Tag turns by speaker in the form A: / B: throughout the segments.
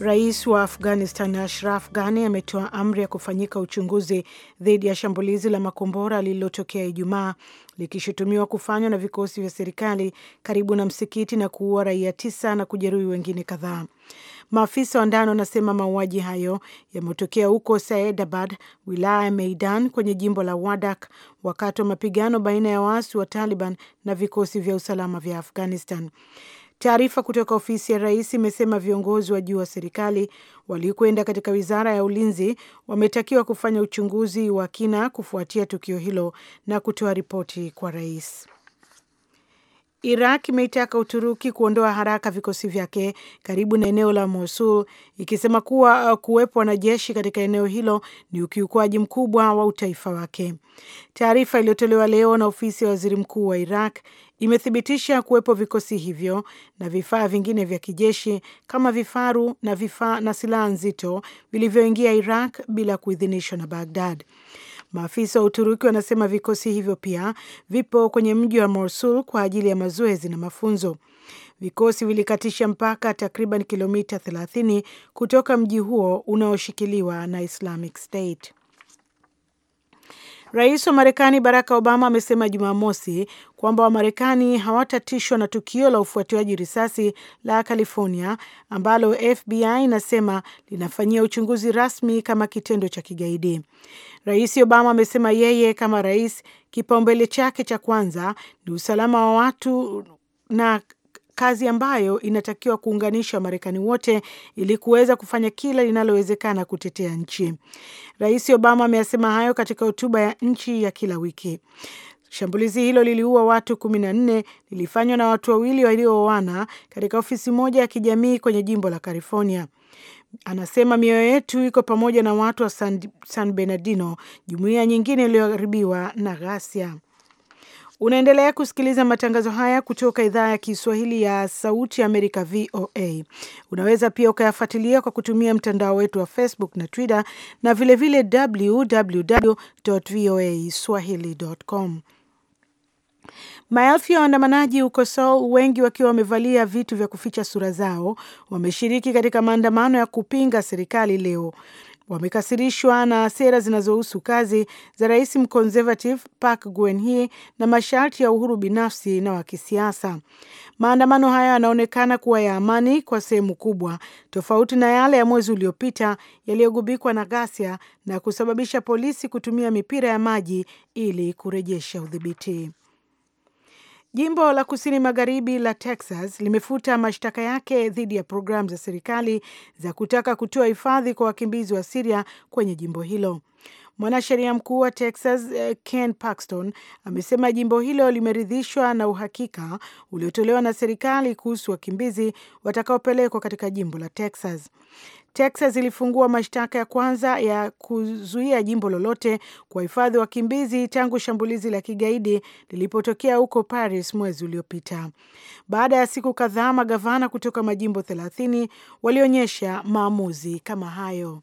A: Rais wa Afghanistan Ashraf Ghani ametoa amri ya kufanyika uchunguzi dhidi ya shambulizi la makombora lililotokea Ijumaa likishutumiwa kufanywa na vikosi vya serikali karibu na msikiti na kuua raia tisa na kujeruhi wengine kadhaa. Maafisa wa ndani wanasema mauaji hayo yametokea huko Saedabad, wilaya ya Meidan kwenye jimbo la Wardak, wakati wa mapigano baina ya waasi wa Taliban na vikosi vya usalama vya Afghanistan. Taarifa kutoka ofisi ya rais imesema viongozi wa juu wa serikali waliokwenda katika wizara ya ulinzi wametakiwa kufanya uchunguzi wa kina kufuatia tukio hilo na kutoa ripoti kwa rais. Iraq imeitaka Uturuki kuondoa haraka vikosi vyake karibu na eneo la Mosul ikisema kuwa uh, kuwepo wanajeshi katika eneo hilo ni ukiukwaji mkubwa wa utaifa wake. Taarifa iliyotolewa leo na ofisi ya waziri mkuu wa Iraq imethibitisha kuwepo vikosi hivyo na vifaa vingine vya kijeshi kama vifaru na vifaa na silaha nzito vilivyoingia Iraq bila kuidhinishwa na bagdad Maafisa wa Uturuki wanasema vikosi hivyo pia vipo kwenye mji wa Mosul kwa ajili ya mazoezi na mafunzo. Vikosi vilikatisha mpaka takriban kilomita 30 kutoka mji huo unaoshikiliwa na Islamic State. Rais wa Marekani Barack Obama amesema Jumamosi kwamba Wamarekani hawatatishwa na tukio la ufuatiwaji risasi la California ambalo FBI inasema linafanyia uchunguzi rasmi kama kitendo cha kigaidi. Rais Obama amesema yeye kama rais, kipaumbele chake cha kwanza ni usalama wa watu na kazi ambayo inatakiwa kuunganisha Wamarekani wote ili kuweza kufanya kila linalowezekana kutetea nchi. Rais Obama ameyasema hayo katika hotuba ya nchi ya kila wiki. Shambulizi hilo liliua watu kumi na nne lilifanywa na watu wawili waliooana katika ofisi moja ya kijamii kwenye jimbo la California. Anasema mioyo yetu iko pamoja na watu wa San, San Bernardino, jumuiya nyingine iliyoharibiwa na ghasia. Unaendelea kusikiliza matangazo haya kutoka idhaa ya Kiswahili ya Sauti Amerika, VOA. Unaweza pia ukayafuatilia kwa kutumia mtandao wetu wa Facebook na Twitter na vilevile www voa swahili.com. Maelfu ya waandamanaji huko Seoul, wengi wakiwa wamevalia vitu vya kuficha sura zao, wameshiriki katika maandamano ya kupinga serikali leo. Wamekasirishwa na sera zinazohusu kazi za rais mconservative Park Geun-hye na masharti ya uhuru binafsi na wa kisiasa. Maandamano haya yanaonekana kuwa ya amani kwa sehemu kubwa, tofauti na yale ya mwezi uliopita yaliyogubikwa na ghasia na kusababisha polisi kutumia mipira ya maji ili kurejesha udhibiti. Jimbo la kusini magharibi la Texas limefuta mashtaka yake dhidi ya programu za serikali za kutaka kutoa hifadhi kwa wakimbizi wa Siria kwenye jimbo hilo. Mwanasheria mkuu wa Texas eh, Ken Paxton amesema jimbo hilo limeridhishwa na uhakika uliotolewa na serikali kuhusu wakimbizi watakaopelekwa katika jimbo la Texas. Texas ilifungua mashtaka ya kwanza ya kuzuia jimbo lolote kwa kuwahifadhi wakimbizi tangu shambulizi la kigaidi lilipotokea huko Paris mwezi uliopita. Baada ya siku kadhaa, magavana kutoka majimbo 30 walionyesha maamuzi kama hayo.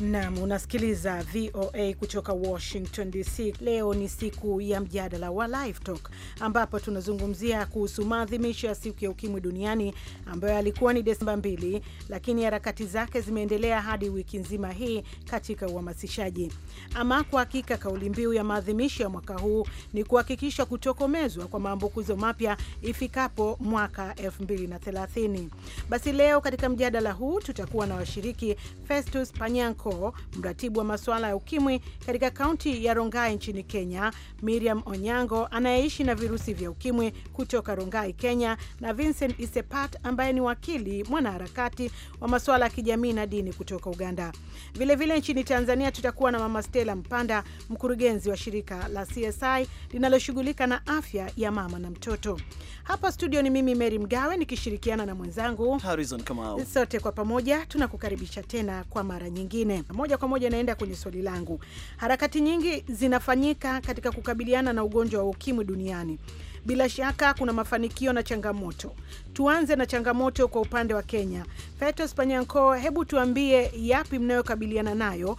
A: Nam unasikiliza VOA kutoka Washington DC. Leo ni siku ya mjadala wa Live Talk ambapo tunazungumzia kuhusu maadhimisho ya siku ya ukimwi duniani ambayo alikuwa ni Desemba mbili, lakini harakati zake zimeendelea hadi wiki nzima hii katika uhamasishaji. Ama kwa hakika, kauli mbiu ya maadhimisho ya mwaka huu ni kuhakikisha kutokomezwa kwa maambukizo mapya ifikapo mwaka 2030. Basi leo katika mjadala huu tutakuwa na washiriki Festus Panyanko Koo, mratibu wa masuala ya ukimwi katika kaunti ya Rongai nchini Kenya, Miriam Onyango anayeishi na virusi vya ukimwi kutoka Rongai, Kenya, na Vincent Isepat ambaye ni wakili mwanaharakati wa masuala ya kijamii na dini kutoka Uganda. Vilevile vile nchini Tanzania tutakuwa na Mama Stella Mpanda, mkurugenzi wa shirika la CSI linaloshughulika na afya ya mama na mtoto. Hapa studio ni mimi Mary Mgawe nikishirikiana na mwenzangu Harrison Kamau. Sote kwa pamoja tunakukaribisha tena kwa mara nyingine. Moja kwa moja naenda kwenye swali langu. Harakati nyingi zinafanyika katika kukabiliana na ugonjwa wa ukimwi duniani. Bila shaka kuna mafanikio na changamoto. Tuanze na changamoto kwa upande wa Kenya. Fetos Panyanko, hebu tuambie yapi mnayokabiliana nayo?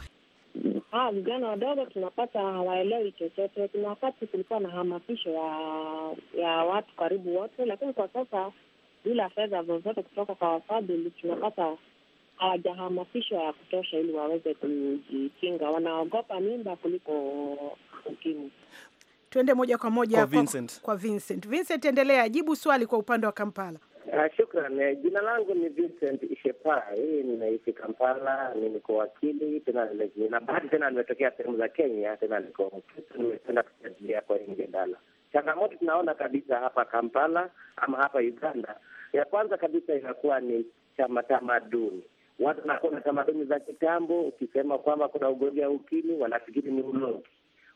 A: Ah, vijana wadogo tunapata
B: hawaelewi chochote. Kuna wakati kulikuwa na hamasisho ya ya watu karibu wote, lakini kwa sasa bila fedha zozote kutoka kwa wafadhili tunapata
A: hawajahamasishwa ya kutosha ili waweze kujikinga. Wanaogopa mimba kuliko ukimwi. Tuende moja kwa moja kwa Vincent, kwa, kwa Vincent. Vincent, endelea, jibu swali kwa upande wa Kampala. Uh, shukran. Eh, jina langu ni Vincent Ishepai,
C: ninaishi Kampala, ni niko wakili tena, na bahati tena nimetokea sehemu za Kenya, tena niko mkristo, nimependa kusajilia kwa ingedala. Changamoto tunaona kabisa hapa Kampala ama hapa Uganda, ya kwanza kabisa inakuwa ni chama tamaduni watu wanakuwa na tamaduni za kitambo. Ukisema kwamba kuna ugonjwa wa ukimwi, wanafikiri ni ulogi.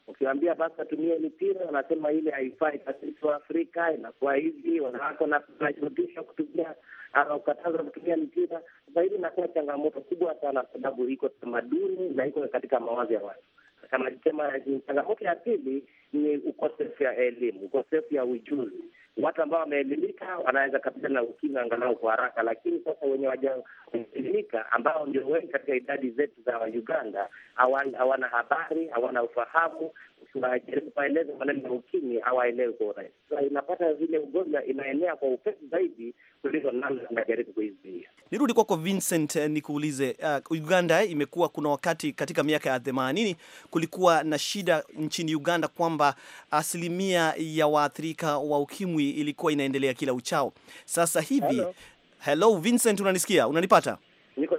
C: Ukiwambia basi watumie mipira, wanasema ile haifai. Sisi Afrika inakuwa hivi, wanawake wanashurutisha kutumia ama ukataza kutumia mipira. Sasa hivi inakuwa changamoto kubwa sana, kwa sababu iko tamaduni na iko katika mawazo ya watu. Kama sema changamoto ya pili ni ukosefu ya elimu, ukosefu ya ujuzi watu ambao wameelimika wanaweza kabisa na ukimwi angalau kwa haraka, lakini sasa wenye wajaelimika ambao ndio wengi katika idadi zetu za Uganda hawana habari, hawana ufahamu tunajaribu kuwaeleza maneno ya ukimi hawaelewi kwa urahisi. Sasa inapata vile ugonjwa inaenea kwa upesi zaidi kuliko namna tunajaribu kuizuia.
D: Nirudi kwako Vincent, eh, nikuulize uh, Uganda eh, imekuwa kuna wakati katika miaka ya themanini kulikuwa na shida nchini Uganda kwamba asilimia ya waathirika wa ukimwi ilikuwa inaendelea kila uchao. Sasa hivi, hello, hello Vincent, unanisikia? Unanipata?
C: niko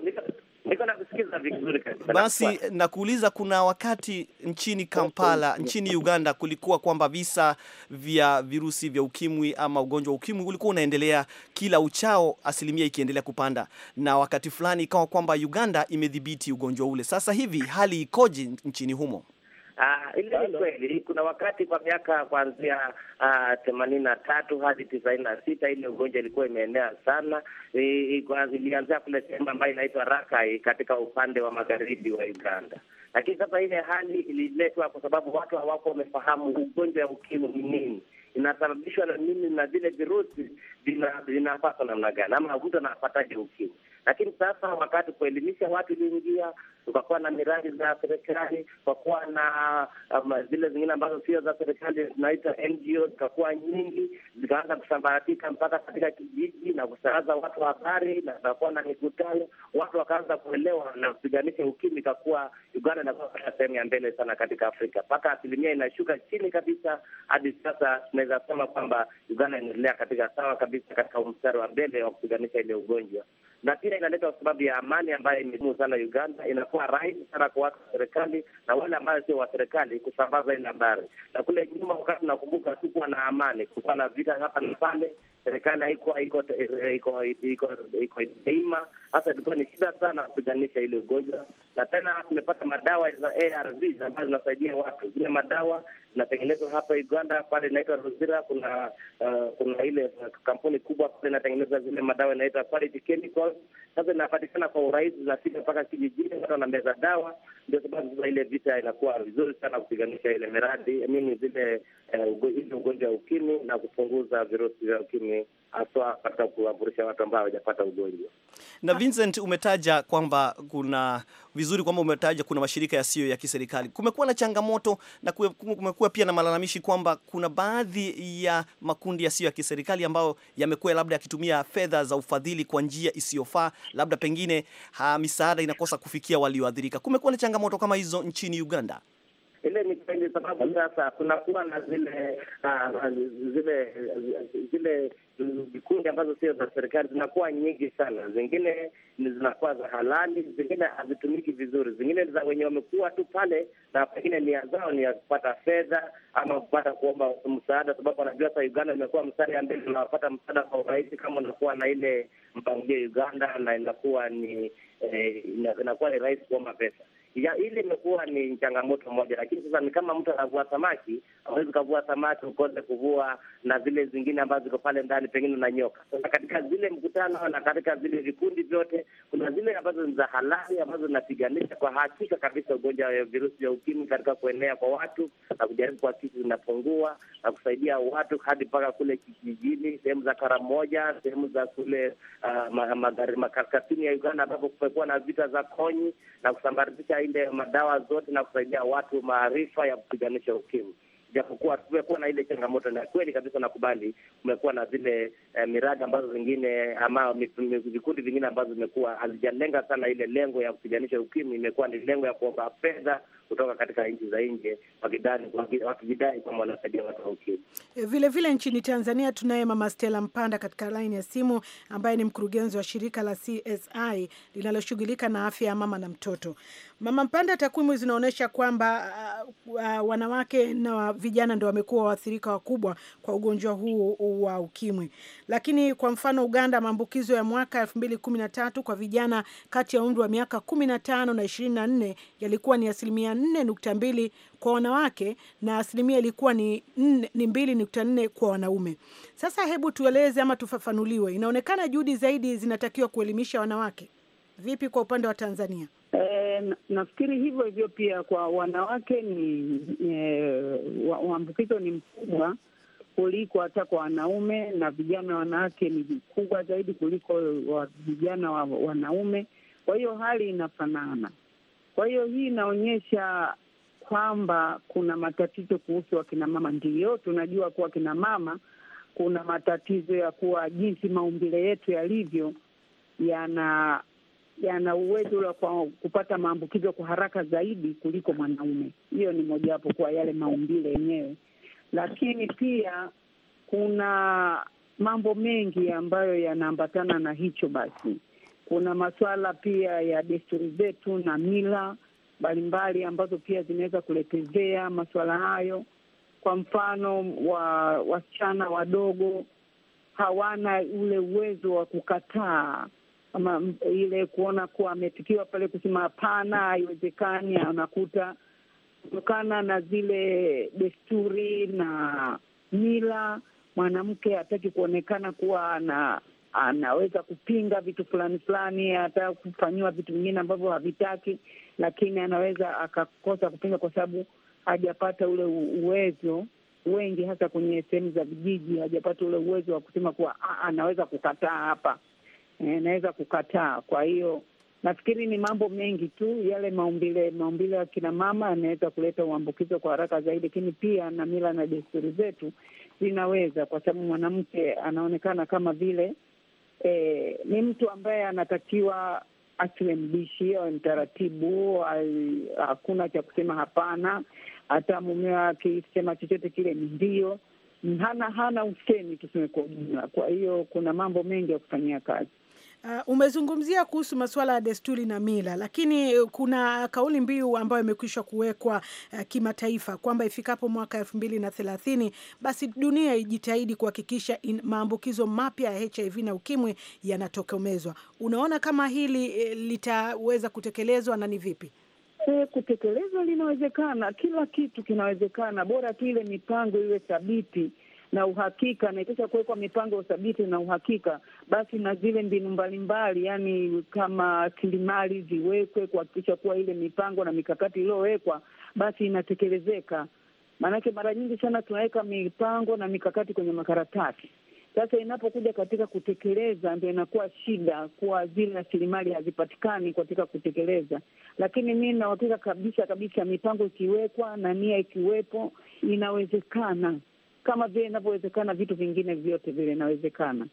C: kusikiza vizuri kabisa. Basi
D: nakuuliza, kuna wakati nchini Kampala nchini Uganda kulikuwa kwamba visa vya virusi vya ukimwi ama ugonjwa wa ukimwi ulikuwa unaendelea kila uchao, asilimia ikiendelea kupanda, na wakati fulani ikawa kwamba Uganda imedhibiti ugonjwa ule. Sasa hivi hali ikoje nchini humo?
E: Uh,
C: ile ni kweli, kuna wakati kwa miaka kuanzia ah, themanini na tatu hadi tisaini na sita ile ugonjwa ilikuwa imeenea sana. Ilianzia kule sehemu ambayo inaitwa Rakai katika upande wa magharibi wa Uganda, lakini sasa ile hali ililetwa kwa sababu watu hawako wamefahamu ugonjwa wa ukimwi ni nini inasababishwa na nini na vile virusi vinapatwa namna gani, ama mtu anapataje ukimwi. Lakini sasa wakati kuelimisha watu iliingia, tukakuwa na miradi za serikali, tukakuwa na um, zile zingine ambazo sio za serikali zinaita NGO, zikakuwa nyingi, zikaanza kusambaratika mpaka katika kijiji na kusaaza watu habari, na zikakuwa na mikutano, watu wakaanza kuelewa na kupiganisha ukimwi. Ikakuwa Uganda inakuwa katika sehemu ya mbele sana katika Afrika, mpaka asilimia inashuka chini kabisa. Hadi sasa tunaweza sema kwamba Uganda inaendelea katika sawa kabisa katika mstari wa mbele wa kupiganisha ile ugonjwa na pia inaleta sababu ya amani ambayo imedumu sana Uganda. Inakuwa rahisi sana kwa watu wa serikali na wale ambayo sio wa serikali kusambaza ile habari. Na kule nyuma, wakati nakumbuka, sikuwa na amani, kulikuwa na vita hapa na pale, serikali haikuwa iko iko iko daima Hasa ilikuwa ni shida sana kupiganisha ile ugonjwa, na tena tumepata madawa za ARV ambazo zinasaidia watu. Zile madawa zinatengenezwa hapa Uganda, pale inaitwa Rozira. Kuna uh, kuna ile uh, kampuni kubwa pale inatengeneza zile madawa inaitwa Quality Chemicals. Sasa inapatikana kwa urahisi, zinafika mpaka kijijini, watu wanameza dawa. Ndio sababu sasa ile vita inakuwa vizuri sana kupiganisha ile miradi mimi zile uh, ugonjwa wa ukimwi na kupunguza virusi vya ukimwi haswa katika kuwavurisha watu ambao hawajapata ugonjwa.
D: Na Vincent, umetaja kwamba kuna vizuri kwamba umetaja kuna mashirika yasiyo ya, kiserikali. Kumekuwa na changamoto na kumekuwa pia na malalamishi kwamba kuna baadhi ya makundi yasiyo ya, kiserikali ambayo yamekuwa labda yakitumia fedha za ufadhili kwa njia isiyofaa, labda pengine ha, misaada inakosa kufikia walioathirika. Kumekuwa na changamoto kama hizo nchini Uganda.
C: Ile ni kweli, sababu sasa kunakuwa na zile zile zile vikundi ambazo sio za serikali zinakuwa nyingi sana, zingine ni zinakuwa za halali, zingine hazitumiki vizuri, zingine za wenye wamekuwa tu pale, na pengine nia zao ni ya kupata fedha ama kupata kuomba msaada, sababu wanajua sa Uganda imekuwa mstari ya mbele, unawapata msaada kwa urahisi kama unakuwa na ile mpangilio Uganda, na inakuwa ni eh, inakuwa ni rahisi kuomba pesa. Hili imekuwa ni changamoto moja, lakini sasa ni kama mtu anavua samaki, hawezi ukavua samaki ukose kuvua na zile zingine ambazo ziko pale ndani, pengine na nyoka. Sasa katika zile mkutano na katika zile vikundi vyote, kuna zile ambazo ni za halali ambazo zinapiganisha kwa hakika kabisa ugonjwa wa virusi vya ukimwi katika kuenea kwa watu na kujaribu kwa kuhakikisha zinapungua na kusaidia watu hadi mpaka kule kijijini, sehemu za Karamoja, sehemu za kule uh, ah, magharibi kaskazini ya Uganda ambapo kumekuwa na vita za konyi na kusambaratisha ile madawa zote na kusaidia watu maarifa ya kupiganisha ukimwi japokuwa tumekuwa na ile changamoto, na kweli kabisa nakubali, kumekuwa na zile eh, miradi ambazo zingine ama vikundi vingine ambazo zimekuwa hazijalenga sana ile lengo ya kupiganisha ukimwi, imekuwa ni lengo ya kuomba fedha kutoka katika nchi za nje, wakijidai kwamba wanasaidia watu wa ukimwi.
A: Eh, vile vile nchini Tanzania tunaye Mama Stella Mpanda katika laini ya simu, ambaye ni mkurugenzi wa shirika la CSI linaloshughulika na afya ya mama na mtoto. Mama Mpanda, takwimu zinaonyesha kwamba uh, uh, wanawake na vijana ndio wamekuwa waathirika wakubwa kwa ugonjwa huu wa ukimwi. Lakini kwa mfano Uganda, maambukizo ya mwaka 2013 kwa vijana kati ya umri wa miaka 15 na 24 yalikuwa ni asilimia 4.2 kwa wanawake na asilimia ilikuwa ni 2.4 kwa wanaume. Sasa hebu tueleze ama tufafanuliwe, inaonekana juhudi zaidi zinatakiwa kuelimisha wanawake. Vipi kwa upande wa Tanzania?
B: Eh, nafikiri hivyo hivyo pia kwa wanawake ni e, uambukizo ni mkubwa kuliko hata kwa wanaume, na vijana wanawake ni kubwa zaidi kuliko vijana wa wanaume. Kwa hiyo hali inafanana. Kwa hiyo hii inaonyesha kwamba kuna matatizo kuhusu wakinamama. Ndiyo tunajua kuwa mama kuna matatizo ya kuwa jinsi maumbile yetu yalivyo yana yana uwezo ule wa kupata maambukizo kwa haraka zaidi kuliko mwanaume. Hiyo ni mojawapo kwa yale maumbile yenyewe, lakini pia kuna mambo mengi ambayo yanaambatana na hicho. Basi kuna masuala pia ya desturi zetu na mila mbalimbali ambazo pia zinaweza kuletezea masuala hayo. Kwa mfano, wa wasichana wadogo hawana ule uwezo wa kukataa ama ile kuona kuwa ametikiwa pale, kusema hapana, haiwezekani. Anakuta kutokana na zile desturi na mila, mwanamke hataki kuonekana kuwa ana anaweza kupinga vitu fulani fulani, hata kufanyiwa vitu vingine ambavyo havitaki, lakini anaweza akakosa kupinga kwa sababu hajapata ule uwezo. Wengi hasa kwenye sehemu za vijiji hajapata ule uwezo wa kusema kuwa ah, ah, anaweza kukataa hapa inaweza eh, kukataa. Kwa hiyo nafikiri ni mambo mengi tu yale maumbile, maumbile ya kina mama yanaweza kuleta uambukizo kwa haraka zaidi, lakini pia na mila na desturi zetu zinaweza, kwa sababu mwanamke anaonekana kama vile e, ni mtu ambaye anatakiwa asiwe mbishi, awe mtaratibu, hakuna cha kusema hapana. Hata mumewa akisema chochote kile ni ndio, hana hana usemi, tuseme kwa ujumla. Kwa hiyo kuna mambo mengi ya kufanyia kazi.
A: Uh, umezungumzia kuhusu masuala ya desturi na mila, lakini uh, kuna kauli mbiu ambayo imekwisha kuwekwa uh, kimataifa kwamba ifikapo mwaka elfu mbili na thelathini basi dunia ijitahidi kuhakikisha maambukizo mapya ya HIV na ukimwi yanatokomezwa. Unaona kama hili e, litaweza kutekelezwa na ni vipi?
B: E, kutekelezwa linawezekana, kila kitu kinawezekana, bora tu ile mipango iwe thabiti na uhakika, na ikisha kuwekwa mipango ya uthabiti na uhakika, basi na zile mbinu mbalimbali, yani kama kilimali ziwekwe kuhakikisha kuwa ile mipango na mikakati iliyowekwa basi inatekelezeka. Maanake mara nyingi sana tunaweka mipango na mikakati kwenye makaratasi. Sasa inapokuja katika kutekeleza, ndio inakuwa shida, kuwa zile rasilimali hazipatikani katika kutekeleza. Lakini mi na kabisa kabisa, mipango ikiwekwa na nia ikiwepo, inawezekana kama vile inavyowezekana vitu vingine vyote vile inawezekana,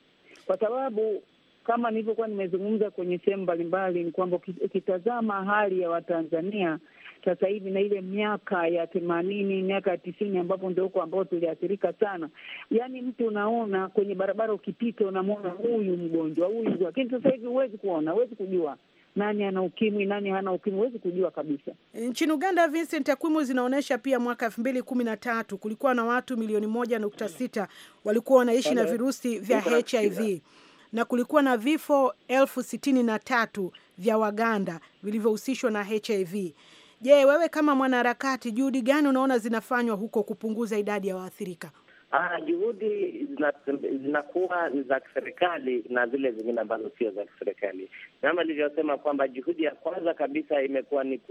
B: kwa sababu kama nilivyokuwa nimezungumza kwenye sehemu mbalimbali, ni kwamba ukitazama hali ya Watanzania sasa hivi na ile miaka ya themanini, miaka ya tisini, ambapo ndio huko ambao tuliathirika sana, yaani mtu unaona kwenye barabara ukipita, unamwona huyu mgonjwa huyu, lakini sasa hivi huwezi kuona, huwezi kujua nani ana
A: ukimwi, nani hana ukimwi, huwezi kujua kabisa. Nchini Uganda, Vincent, takwimu zinaonyesha pia mwaka elfu mbili kumi na tatu kulikuwa na watu milioni moja nukta sita walikuwa wanaishi na virusi vya HIV na kulikuwa na vifo elfu sitini na tatu vya Waganda vilivyohusishwa na HIV. Je, wewe kama mwanaharakati, juhudi gani unaona zinafanywa huko kupunguza idadi ya waathirika?
C: Ah, juhudi zinakuwa zina za kiserikali na zile zingine ambazo sio za kiserikali, kama alivyosema kwamba juhudi ya kwanza kabisa imekuwa ni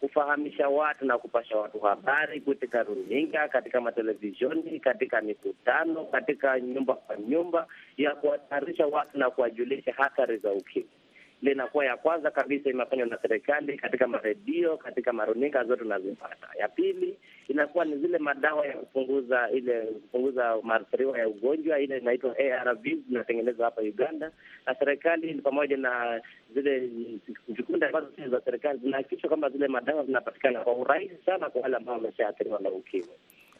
C: kufahamisha watu na kupasha watu habari katika runinga, katika matelevisioni, katika mikutano, katika nyumba kwa nyumba, ya kuwatayarisha watu na kuwajulisha hatari za ukimwi linakuwa ya kwanza kabisa imefanywa na serikali katika maredio, katika maruninga zote unazipata. Ya pili inakuwa ni zile madawa ya kupunguza ile kupunguza maathiriwa ya ugonjwa, ile inaitwa ARV zinatengenezwa hapa Uganda na serikali pamoja na zile vikundi ambazo si za serikali, zinahakikishwa kwamba zile madawa zinapatikana kwa urahisi sana kwa wale ambao wameshaathiriwa na ukimwi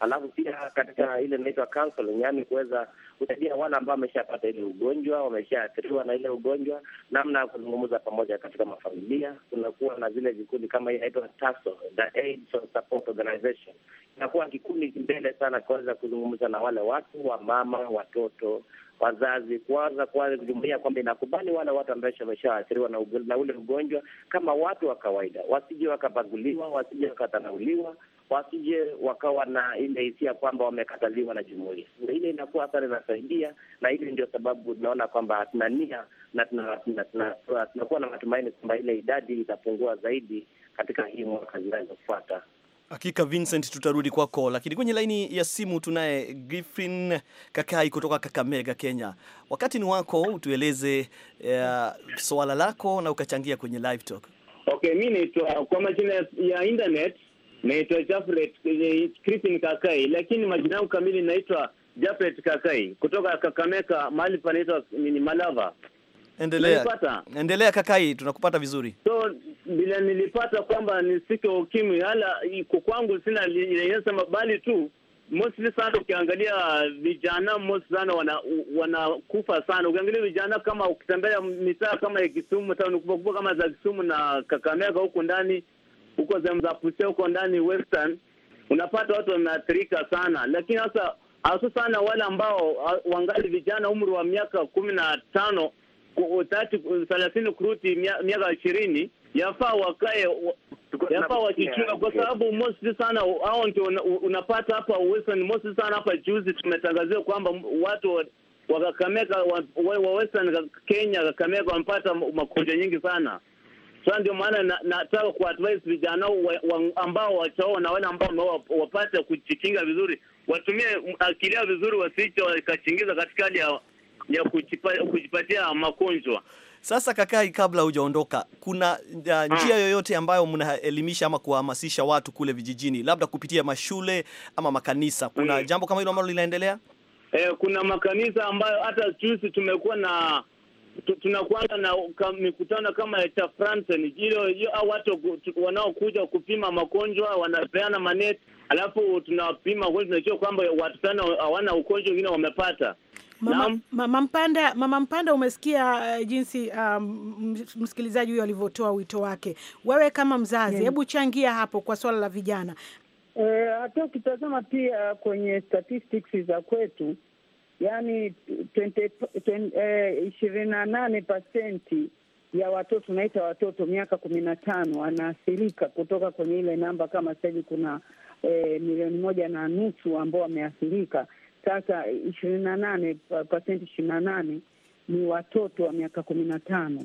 C: alafu pia katika ile inaitwa counseling, kuweza kusaidia wale ambao wameshapata ile ugonjwa, wameshaathiriwa na ile ugonjwa, namna ya kuzungumza pamoja katika mafamilia. Kunakuwa na zile vikundi kama hii inaitwa TASO, the AIDS Support Organization, inakuwa kikundi mbele sana kuweza kuzungumza na wale watu wa mama, watoto wazazi kuanza kujumuia kwamba inakubali wale watu ambao wameshaathiriwa na, na ule ugonjwa kama watu wa kawaida, wasije wakabaguliwa, wasije wakatanauliwa, wasije wakawa na ile hisia kwamba wamekataliwa na jumuia. Ile inakuwa athari inasaidia, na ile ndio sababu tunaona kwamba hatuna nia na tunakuwa na matumaini kwamba ile idadi itapungua zaidi katika hii mwaka zinazofuata.
D: Hakika Vincent, tutarudi kwako, lakini kwenye laini ya simu tunaye Griffin Kakai kutoka Kakamega, Kenya. Wakati ni wako, utueleze uh, swala lako na ukachangia kwenye live talk.
F: Okay, mi naitwa kwa majina ya internet naitwa Jafret eh, Crispin Kakai, lakini majina yangu kamili naitwa Jafret Kakai kutoka Kakameka, mahali panaitwa nini, Malava.
D: Endelea, endelea Kakai, tunakupata vizuri.
F: So bila nilipata kwamba nisike ukimwi, hala kwangu sina inasema, bali tu mostly sana ukiangalia vijana mostly sana wanakufa wana sana. Ukiangalia vijana kama ukitembea mitaa kama ya Kisumu, tauni kubwa kubwa kama za Kisumu na Kakamega huku ndani huko sehemu za Puse huko ndani Western, unapata watu wanaathirika sana, lakini hasa hasa sana wale ambao wangali vijana, umri wa miaka kumi na tano thelathini kuruti miaka ishirini yafaa wakae yafaa wachichua, kwa sababu mosi sana hao ndio unapata hapa Western. Mosi sana hapa juzi tumetangaziwa kwamba watu wa Kakamega wa Western Kenya, Kakamega wamepata makonjwa nyingi sana. Sasa ndio maana nataka na kuadvise vijana ambao wachaoa na wale ambao wapate kujikinga vizuri, watumie akili yao vizuri, wasicho wakachingiza katika hali ya, ya kujipatia magonjwa.
D: Sasa Kakai, kabla hujaondoka, kuna uh, hmm. njia yoyote ambayo mnaelimisha ama kuhamasisha watu kule vijijini, labda kupitia mashule ama makanisa? Kuna mm, jambo kama hilo ambalo linaendelea?
F: Eh, kuna makanisa ambayo hata juzi tumekuwa na tunakuanza na mikutano kama ya cha Fransen hiyo, au watu wanaokuja kupima magonjwa wanapeana maneti, alafu tunawapima tunajua kwamba watu sana hawana ugonjwa, wengine wamepata.
A: Mama, mama Mpanda, mama Mpanda, umesikia uh, jinsi um, msikilizaji huyo alivyotoa wito wake. Wewe kama mzazi, hebu yeah, changia hapo kwa swala la vijana. Eh, hata e,
B: ukitazama pia kwenye statistics za kwetu yani eh, ishirini na nane pasenti ya watoto unaita watoto miaka kumi na tano wanaathirika kutoka kwenye ile namba. Kama sahivi kuna eh, milioni moja na nusu ambao wameathirika. Sasa ishirini na nane pasenti ishirini na nane ni watoto wa miaka kumi na tano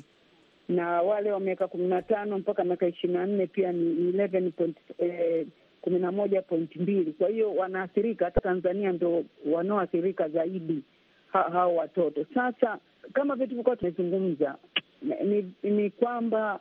B: na wale wa miaka kumi na tano mpaka miaka ishirini na nne pia ni eleven point eh, kumi na moja pointi mbili. Kwa hiyo wanaathirika, hata Tanzania ndo wanaoathirika zaidi hao watoto. Sasa kama vitu vilikuwa tumezungumza ni, ni kwamba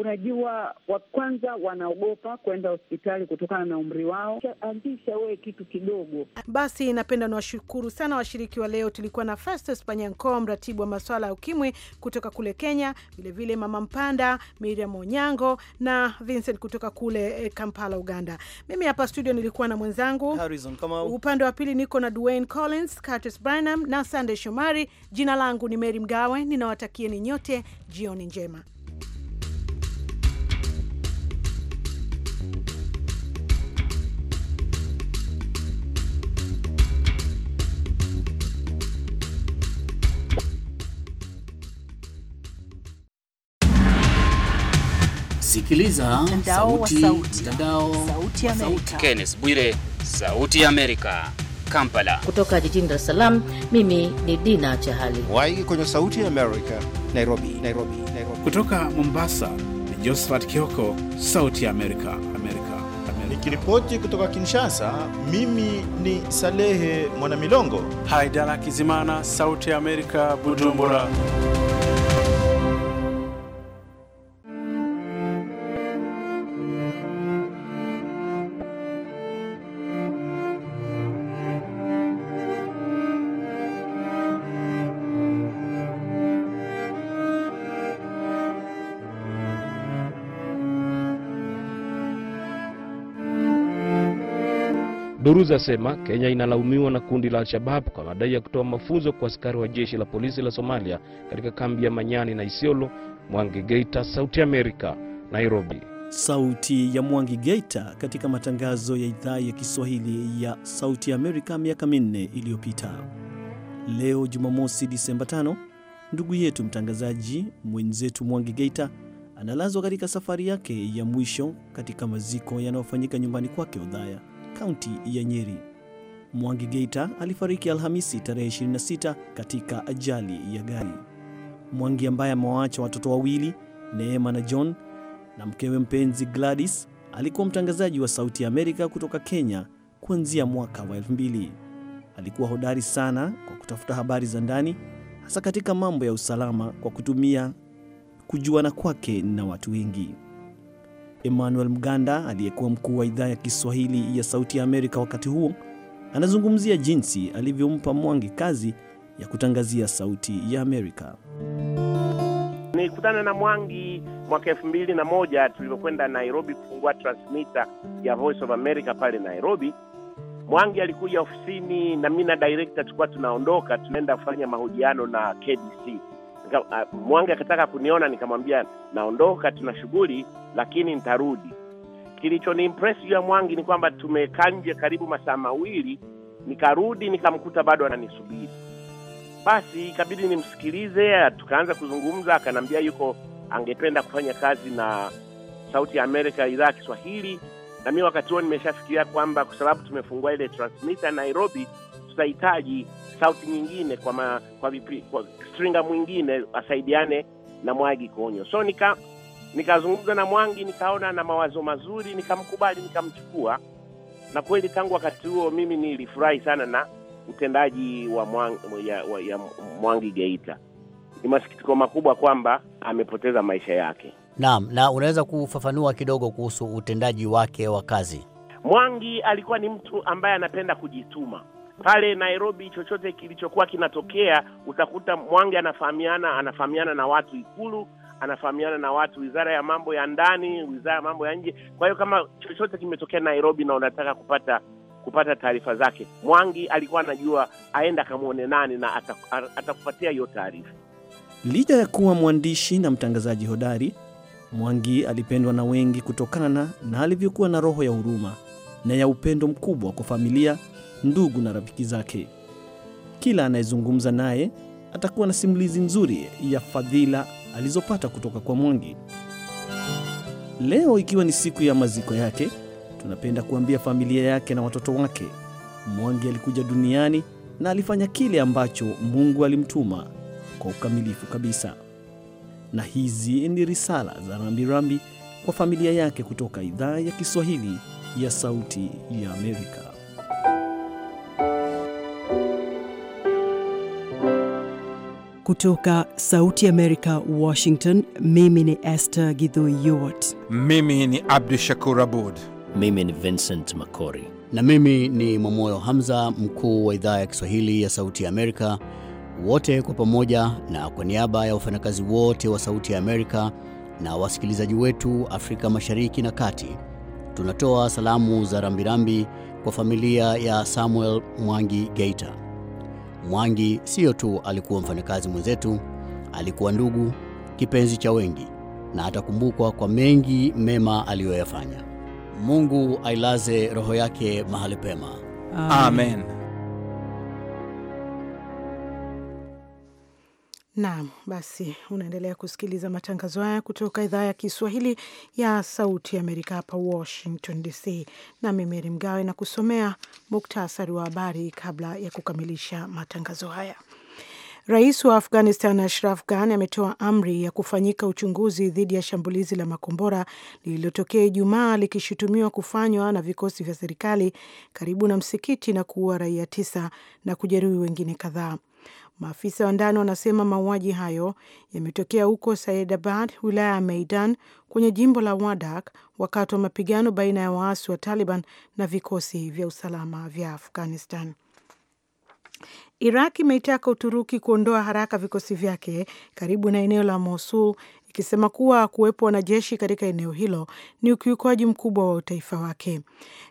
B: unajua, wa kwanza wanaogopa kwenda hospitali kutokana na umri wao. Anzisha
A: wewe kitu kidogo. Basi napenda niwashukuru sana washiriki wa leo. Tulikuwa na Festus Panyanko, mratibu wa masuala ya ukimwi kutoka kule Kenya, vilevile Mama Mpanda, Miriam Onyango na Vincent kutoka kule eh, Kampala, Uganda. Mimi hapa studio nilikuwa na mwenzangu Harrison, upande wa pili niko na Dwayne Collins, Curtis Branham na Sandey Shomari. Jina langu ni Mary Mgawe, ninawatakieni nyote jioni njema. Sikiliza mtandao wa sauti, mtandao sauti
E: Kenneth Bwire, sauti ya Amerika, Kampala.
A: Kutoka jijini Dar es Salaam, mimi ni Dina Chahali Waigi kwenye sauti ya Amerika, Nairobi, Nairobi, Nairobi. Kutoka Mombasa
D: ni Josephat Kioko, sauti ya Amerika, Amerika. Nikiripoti kutoka Kinshasa, mimi ni Salehe Mwanamilongo. Haidara Kizimana, sauti ya Amerika, Bujumbura. Mkuruzi asema Kenya inalaumiwa na kundi la Al-Shabab kwa madai ya kutoa mafunzo kwa askari wa jeshi la polisi la Somalia katika kambi ya Manyani na Isiolo. Mwangi Geita, Sauti Amerika, Nairobi. Sauti ya Mwangi Geita katika matangazo ya idhaa ya Kiswahili ya Sauti Amerika miaka minne iliyopita. Leo Jumamosi Disemba 5, ndugu yetu mtangazaji mwenzetu Mwangi Geita analazwa katika safari yake ya mwisho katika maziko yanayofanyika nyumbani kwake Udhaya kaunti ya Nyeri. Mwangi Geita alifariki Alhamisi tarehe 26 katika ajali ya gari. Mwangi ambaye amewaacha watoto wawili, Neema na John, na mkewe mpenzi Gladys, alikuwa mtangazaji wa Sauti ya Amerika kutoka Kenya kuanzia mwaka wa 2000. Alikuwa hodari sana kwa kutafuta habari za ndani, hasa katika mambo ya usalama kwa kutumia kujuana kwake na watu wengi. Emmanuel Mganda aliyekuwa mkuu wa idhaa ya Kiswahili ya Sauti ya Amerika wakati huo anazungumzia jinsi alivyompa Mwangi kazi ya kutangazia Sauti ya Amerika.
G: Nikutana na Mwangi mwaka elfu mbili na moja tulivyokwenda Nairobi kufungua transmitter ya Voice of America pale Nairobi. Mwangi alikuja ofisini na mi na director tulikuwa tunaondoka tunaenda kufanya mahojiano na KBC mwanga akitaka Mwangi akataka kuniona nikamwambia naondoka, tuna shughuli lakini nitarudi. Kilichonimpress juu ya Mwangi ni kwamba tumekaa nje karibu masaa mawili, nikarudi nikamkuta bado ananisubiri. Basi ikabidi nimsikilize, tukaanza kuzungumza, akanambia yuko angependa kufanya kazi na Sauti ya Amerika idhaa ya Kiswahili, na mi wakati huo nimeshafikiria kwamba kwa sababu tumefungua ile transmitter Nairobi tutahitaji sauti nyingine kwa, ma, kwa, vipi, kwa stringa mwingine asaidiane na mwagi kuonywa So nika nikazungumza na Mwangi, nikaona na mawazo mazuri, nikamkubali, nikamchukua, na kweli tangu wakati huo mimi nilifurahi sana na utendaji wa Mwangi, ya, wa, ya Mwangi Geita. Ni masikitiko makubwa kwamba amepoteza maisha yake.
D: Naam, na unaweza kufafanua kidogo kuhusu utendaji wake wa kazi?
G: Mwangi alikuwa ni mtu ambaye anapenda kujituma pale Nairobi, chochote kilichokuwa kinatokea, utakuta Mwangi anafahamiana anafahamiana na watu Ikulu, anafahamiana na watu wizara ya mambo ya ndani, wizara ya mambo ya nje. Kwa hiyo kama chochote kimetokea Nairobi na unataka kupata kupata taarifa zake, Mwangi alikuwa anajua aenda akamwone nani na atakupatia hiyo taarifa.
D: Licha ya kuwa mwandishi na mtangazaji hodari, Mwangi alipendwa na wengi kutokana na alivyokuwa na roho ya huruma na ya upendo mkubwa kwa familia ndugu na rafiki zake. Kila anayezungumza naye atakuwa na simulizi nzuri ya fadhila alizopata kutoka kwa Mwangi. Leo ikiwa ni siku ya maziko yake, tunapenda kuambia familia yake na watoto wake, Mwangi alikuja duniani na alifanya kile ambacho Mungu alimtuma kwa ukamilifu kabisa. Na hizi ni risala za rambirambi kwa familia yake kutoka idhaa ya Kiswahili ya Sauti ya Amerika.
A: kutoka Sauti Amerika, Washington. Mimi ni Esther Gidhui Yuot,
E: mimi ni Abdu Shakur Abud, mimi ni Vincent Makori
A: na mimi
D: ni Mwamoyo Hamza, mkuu wa idhaa ya Kiswahili ya Sauti ya Amerika. Wote kwa pamoja na kwa niaba ya wafanyakazi wote wa Sauti ya Amerika na wasikilizaji wetu Afrika Mashariki na Kati, tunatoa salamu za rambirambi kwa familia ya Samuel Mwangi Geita. Mwangi sio tu alikuwa mfanyakazi mwenzetu, alikuwa ndugu, kipenzi cha wengi na atakumbukwa kwa mengi mema aliyoyafanya. Mungu ailaze roho yake mahali pema.
E: Amen.
F: Amen.
A: Naam, basi unaendelea kusikiliza matangazo haya kutoka idhaa ya Kiswahili ya Sauti ya Amerika hapa Washington DC, nami Meri Mgawe na kusomea muktasari wa habari kabla ya kukamilisha matangazo haya. Rais wa Afghanistan Ashraf Ghani ametoa amri ya kufanyika uchunguzi dhidi ya shambulizi la makombora lililotokea Ijumaa likishutumiwa kufanywa na vikosi vya serikali karibu na msikiti na kuua raia tisa na kujeruhi wengine kadhaa. Maafisa wa ndani wanasema mauaji hayo yametokea huko Saidabad, wilaya ya Meidan kwenye jimbo la Wadak, wakati wa mapigano baina ya waasi wa Taliban na vikosi vya usalama vya Afghanistan. Iraq imeitaka Uturuki kuondoa haraka vikosi vyake karibu na eneo la Mosul akisema kuwa kuwepo wanajeshi katika eneo hilo ni ukiukaji mkubwa wa utaifa wake.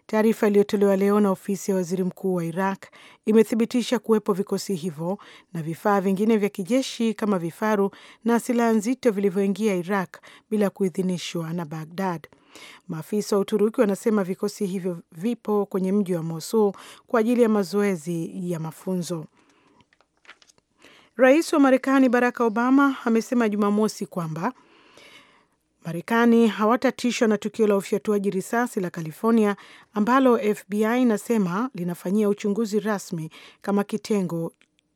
A: Taarifa iliyotolewa leo na ofisi ya waziri mkuu wa Iraq imethibitisha kuwepo vikosi hivyo na vifaa vingine vya kijeshi kama vifaru na silaha nzito vilivyoingia Iraq bila kuidhinishwa na bagdad Maafisa wa Uturuki wanasema vikosi hivyo vipo kwenye mji wa Mosul kwa ajili ya mazoezi ya mafunzo. Rais wa Marekani Barack Obama amesema Jumamosi kwamba Marekani hawatatishwa na tukio la ufyatuaji risasi la California ambalo FBI inasema linafanyia uchunguzi rasmi kama kitengo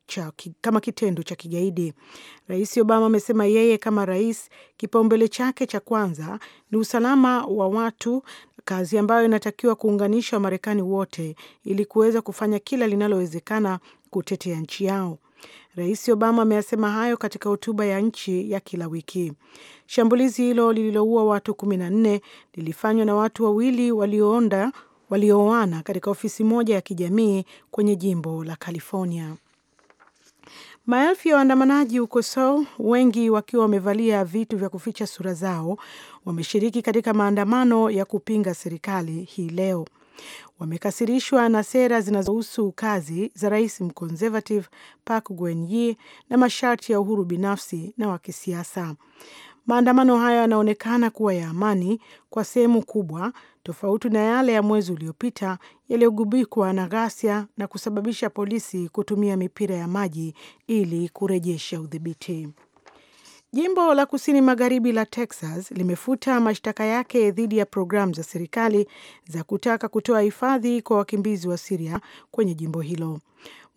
A: cha, kama kitendo cha kigaidi. Rais Obama amesema yeye kama rais, kipaumbele chake cha kwanza ni usalama wa watu, kazi ambayo inatakiwa kuunganisha Wamarekani wote ili kuweza kufanya kila linalowezekana kutetea nchi yao. Rais Obama ameyasema hayo katika hotuba ya nchi ya kila wiki. Shambulizi hilo lililoua watu kumi na nne lilifanywa na watu wawili walioonda waliooana katika ofisi moja ya kijamii kwenye jimbo la California. Maelfu ya waandamanaji huko Seoul, wengi wakiwa wamevalia vitu vya kuficha sura zao, wameshiriki katika maandamano ya kupinga serikali hii leo wamekasirishwa na sera zinazohusu kazi za rais mconservative Park Geun-hye na masharti ya uhuru binafsi na wa kisiasa. Maandamano hayo yanaonekana kuwa ya amani kwa sehemu kubwa, tofauti na yale ya mwezi uliopita yaliyogubikwa na ghasia na kusababisha polisi kutumia mipira ya maji ili kurejesha udhibiti. Jimbo la kusini magharibi la Texas limefuta mashtaka yake dhidi ya programu za serikali za kutaka kutoa hifadhi kwa wakimbizi wa Siria kwenye jimbo hilo.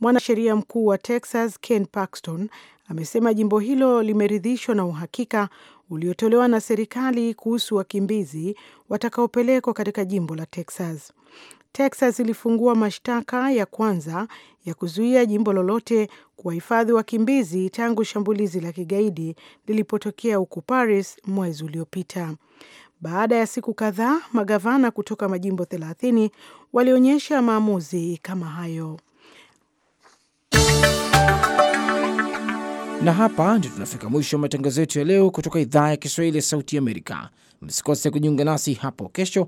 A: Mwanasheria mkuu wa Texas Ken Paxton amesema jimbo hilo limeridhishwa na uhakika uliotolewa na serikali kuhusu wakimbizi watakaopelekwa katika jimbo la Texas. Texas ilifungua mashtaka ya kwanza ya kuzuia jimbo lolote kuwahifadhi wakimbizi tangu shambulizi la kigaidi lilipotokea huko Paris mwezi uliopita. Baada ya siku kadhaa, magavana kutoka majimbo 30 walionyesha maamuzi kama hayo.
E: Na hapa ndio tunafika mwisho wa matangazo yetu ya leo kutoka idhaa ya Kiswahili ya Sauti Amerika. Msikose kujiunga nasi hapo kesho